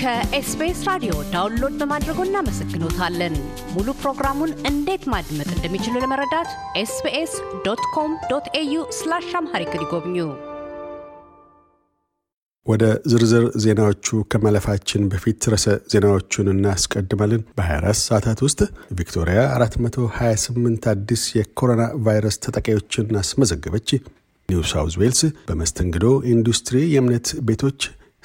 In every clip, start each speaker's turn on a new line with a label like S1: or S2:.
S1: ከኤስቢኤስ ራዲዮ ዳውንሎድ በማድረጎ እናመሰግኖታለን። ሙሉ ፕሮግራሙን እንዴት ማድመጥ እንደሚችሉ ለመረዳት ኤስቢኤስ ዶት ኮም ዶት ኤዩ ስላሽ አምሃሪክ ይጎብኙ።
S2: ወደ ዝርዝር ዜናዎቹ ከማለፋችን በፊት ርዕሰ ዜናዎቹን እናስቀድማለን። በ24 ሰዓታት ውስጥ ቪክቶሪያ 428 አዲስ የኮሮና ቫይረስ ተጠቂዎችን አስመዘገበች። ኒው ሳውዝ ዌልስ በመስተንግዶ ኢንዱስትሪ የእምነት ቤቶች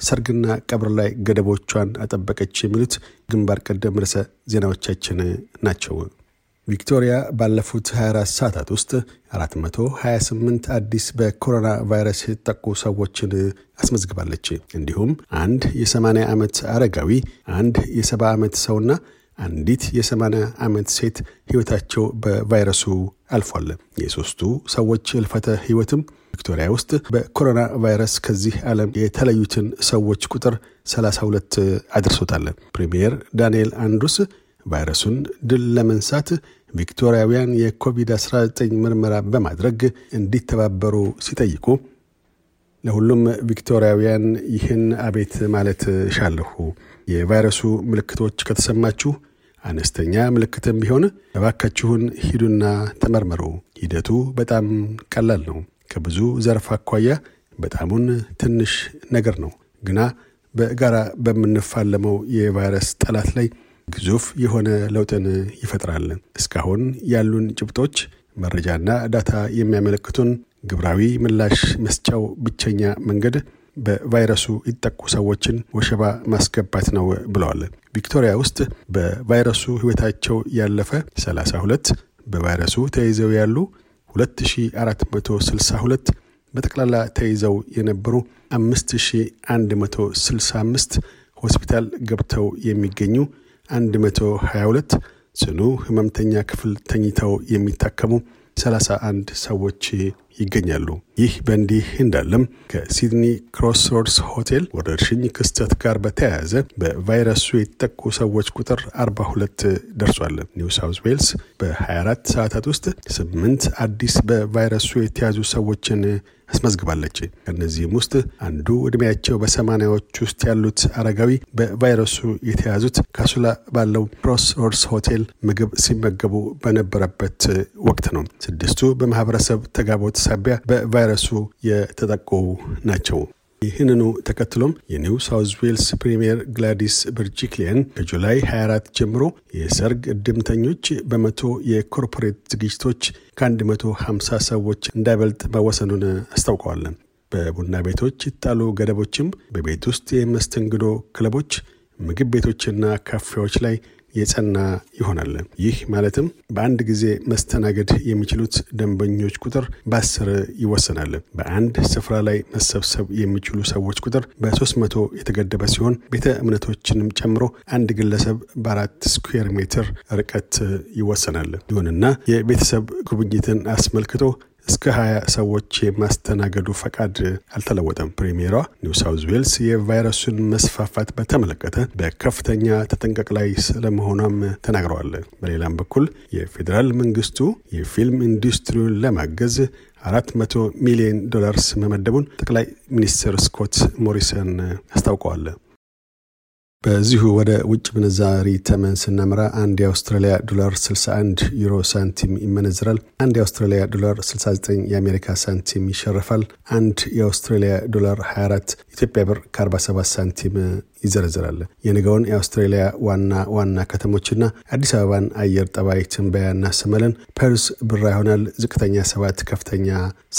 S2: ሰርግና ቀብር ላይ ገደቦቿን አጠበቀች የሚሉት ግንባር ቀደም ርዕሰ ዜናዎቻችን ናቸው። ቪክቶሪያ ባለፉት 24 ሰዓታት ውስጥ 428 አዲስ በኮሮና ቫይረስ የተጠቁ ሰዎችን አስመዝግባለች። እንዲሁም አንድ የ80 ዓመት አረጋዊ፣ አንድ የ70 ዓመት ሰውና አንዲት የ80 ዓመት ሴት ሕይወታቸው በቫይረሱ አልፏል። የሶስቱ ሰዎች እልፈተ ህይወትም ቪክቶሪያ ውስጥ በኮሮና ቫይረስ ከዚህ ዓለም የተለዩትን ሰዎች ቁጥር 32 አድርሶታል። ፕሪምየር ዳንኤል አንድሩስ ቫይረሱን ድል ለመንሳት ቪክቶሪያውያን የኮቪድ-19 ምርመራ በማድረግ እንዲተባበሩ ሲጠይቁ ለሁሉም ቪክቶሪያውያን ይህን አቤት ማለት እሻለሁ። የቫይረሱ ምልክቶች ከተሰማችሁ አነስተኛ ምልክትም ቢሆን እባካችሁን ሂዱና ተመርመሩ። ሂደቱ በጣም ቀላል ነው። ከብዙ ዘርፍ አኳያ በጣሙን ትንሽ ነገር ነው፣ ግና በጋራ በምንፋለመው የቫይረስ ጠላት ላይ ግዙፍ የሆነ ለውጥን ይፈጥራል። እስካሁን ያሉን ጭብጦች መረጃና ዳታ የሚያመለክቱን ግብራዊ ምላሽ መስጫው ብቸኛ መንገድ በቫይረሱ ይጠቁ ሰዎችን ወሸባ ማስገባት ነው ብለዋል። ቪክቶሪያ ውስጥ በቫይረሱ ህይወታቸው ያለፈ 32 በቫይረሱ ተይዘው ያሉ 2462 በጠቅላላ ተይዘው የነበሩ 5165 ሆስፒታል ገብተው የሚገኙ 122 ጽኑ ህመምተኛ ክፍል ተኝተው የሚታከሙ 31 ሰዎች ይገኛሉ። ይህ በእንዲህ እንዳለም ከሲድኒ ክሮስሮድስ ሆቴል ወረርሽኝ ክስተት ጋር በተያያዘ በቫይረሱ የተጠቁ ሰዎች ቁጥር 42 ደርሷል። ኒው ሳውዝ ዌልስ በ24 ሰዓታት ውስጥ ስምንት አዲስ በቫይረሱ የተያዙ ሰዎችን አስመዝግባለች። ከእነዚህም ውስጥ አንዱ ዕድሜያቸው በሰማኒያዎች ውስጥ ያሉት አረጋዊ በቫይረሱ የተያዙት ካሱላ ባለው ክሮስ ሆቴል ምግብ ሲመገቡ በነበረበት ወቅት ነው። ስድስቱ በማህበረሰብ ተጋቦት ሳቢያ በቫይረሱ የተጠቁ ናቸው። ይህንኑ ተከትሎም የኒው ሳውዝ ዌልስ ፕሪምየር ግላዲስ በርጂክሊያን ከጁላይ 24 ጀምሮ የሰርግ እድምተኞች በመቶ የኮርፖሬት ዝግጅቶች ከ150 ሰዎች እንዳይበልጥ መወሰኑን አስታውቀዋል። በቡና ቤቶች ይጣሉ ገደቦችም በቤት ውስጥ የመስተንግዶ ክለቦች፣ ምግብ ቤቶችና ካፌዎች ላይ የጸና ይሆናል። ይህ ማለትም በአንድ ጊዜ መስተናገድ የሚችሉት ደንበኞች ቁጥር በአስር ይወሰናል። በአንድ ስፍራ ላይ መሰብሰብ የሚችሉ ሰዎች ቁጥር በሶስት መቶ የተገደበ ሲሆን ቤተ እምነቶችንም ጨምሮ አንድ ግለሰብ በአራት ስኩዌር ሜትር ርቀት ይወሰናል። ይሁንና የቤተሰብ ጉብኝትን አስመልክቶ እስከ 20 ሰዎች የማስተናገዱ ፈቃድ አልተለወጠም። ፕሪሚየሯ ኒው ሳውዝ ዌልስ የቫይረሱን መስፋፋት በተመለከተ በከፍተኛ ተጠንቀቅ ላይ ስለመሆኗም ተናግረዋል። በሌላም በኩል የፌዴራል መንግስቱ የፊልም ኢንዱስትሪውን ለማገዝ 400 ሚሊዮን ዶላርስ መመደቡን ጠቅላይ ሚኒስትር ስኮት ሞሪሰን አስታውቀዋል። በዚሁ ወደ ውጭ ምንዛሪ ተመን ስናምራ አንድ የአውስትራሊያ ዶላር 61 ዩሮ ሳንቲም ይመነዝራል። አንድ የአውስትራሊያ ዶላር 69 የአሜሪካ ሳንቲም ይሸርፋል። አንድ የአውስትራሊያ ዶላር 24 ኢትዮጵያ ብር ከ47 ሳንቲም ይዘረዝራል። የንገውን የአውስትራሊያ ዋና ዋና ከተሞችና አዲስ አበባን አየር ጠባይ ትንበያ እናሰማለን። ፐርስ ብራ ይሆናል። ዝቅተኛ 7 ከፍተኛ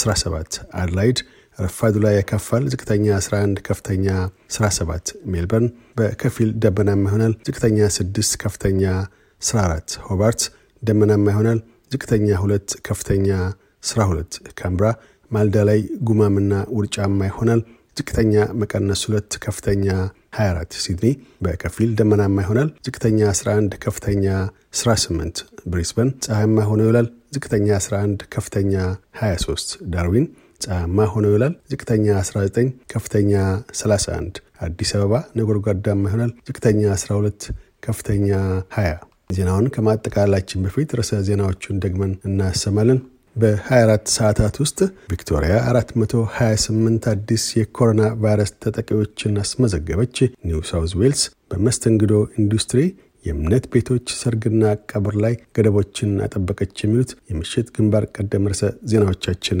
S2: 7 አድላይድ ረፋዱ ላይ ያካፋል። ዝቅተኛ 11፣ ከፍተኛ 17። ሜልበርን በከፊል ደመናማ ይሆናል። ዝቅተኛ 6፣ ከፍተኛ 14። ሆባርት ደመናማ ይሆናል። ዝቅተኛ 2፣ ከፍተኛ 12። ካምብራ ማልዳ ላይ ጉማምና ውርጫማ ይሆናል። ዝቅተኛ መቀነስ 2፣ ከፍተኛ 24። ሲድኒ በከፊል ደመናማ ይሆናል። ዝቅተኛ 11፣ ከፍተኛ 18። ብሪስበን ፀሐያማ ሆኖ ይውላል። ዝቅተኛ 11፣ ከፍተኛ 23። ዳርዊን ፀሐያማ ሆኖ ይውላል። ዝቅተኛ 19፣ ከፍተኛ 31። አዲስ አበባ ነጎድጓዳማ ይሆናል። ዝቅተኛ 12፣ ከፍተኛ 20። ዜናውን ከማጠቃላችን በፊት ርዕሰ ዜናዎቹን ደግመን እናሰማለን። በ24 ሰዓታት ውስጥ ቪክቶሪያ 428 አዲስ የኮሮና ቫይረስ ተጠቂዎችን አስመዘገበች። ኒው ሳውዝ ዌልስ በመስተንግዶ ኢንዱስትሪ የእምነት ቤቶች ሰርግና ቀብር ላይ ገደቦችን አጠበቀች። የሚሉት የምሽት ግንባር ቀደም ርዕሰ ዜናዎቻችን